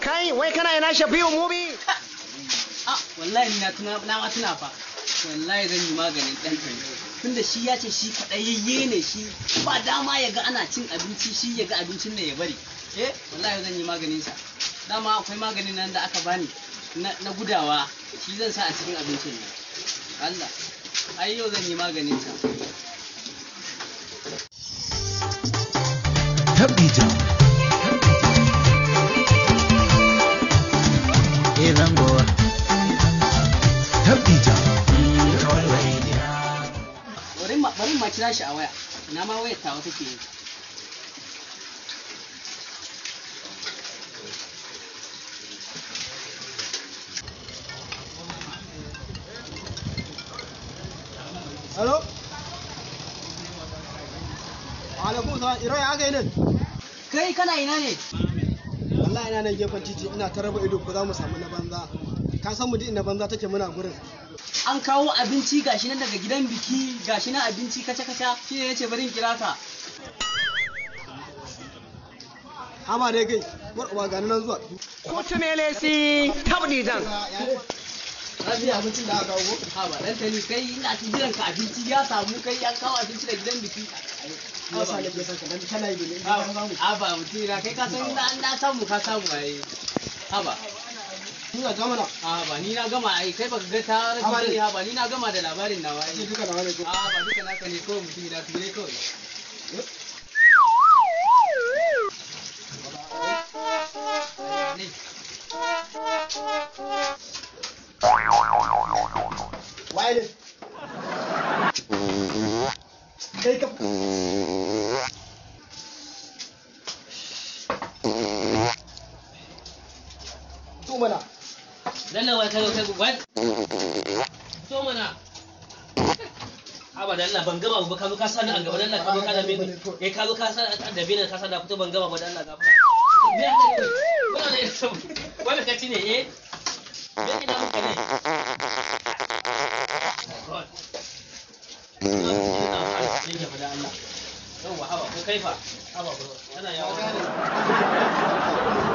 kai wai kana yana shafiu bi? a ah, wallahi na tuna na ma tuna fa wallahi zan yi maganin dan tunda shi ya ce shi kadayayye ne shi ba dama ya ga ana cin abinci shi ya ga abincin da ya bari eh wallahi zan yi maganin sa dama akwai maganin nan da aka bani na gudawa shi zan sa a cikin abincin nan Allah ai yau zan yi maganin sa tabbijin bari ma kira shi a waya ina ma wayar tawa take yi Hello? Alaikum sa, Iro ya aka yi nan? Kai kana ina ne? Wallahi ina nan gefen titi ina ta raba ido ko za mu samu na banza. Ka san mu ji ina banza take muna gurin. an kawo abinci gashi nan daga gidan biki gashi nan abinci kaca-kaca shi ne ya ce bari in kira ka hama dai kai war uba ga nan zuwa ko ta mele si tabdi dan Abi abincin da aka kawo ha ba dan tani kai ina ci jiran ka abinci ya samu kai ya kawo abinci da gidan biki ha ba ha ba mutum na kai ka san na samu ka samu ai ha ba Ina gama na. ba ni na gama ai kai baka ga ta labari ha ba ni na gama da labarin na wai. Ni duka labarin ko. A ba duka naka ne ko mutum na tire kawai. Wai dalla wai kai kai wai to mana dalla ban gama ba ka zo ka sani an gaba dalla ka zo ka da eh ka zo ka sani an da ka sani da fito ban gama ba dalla me ne ne eh me ina yawwa haba ko kaifa haba ko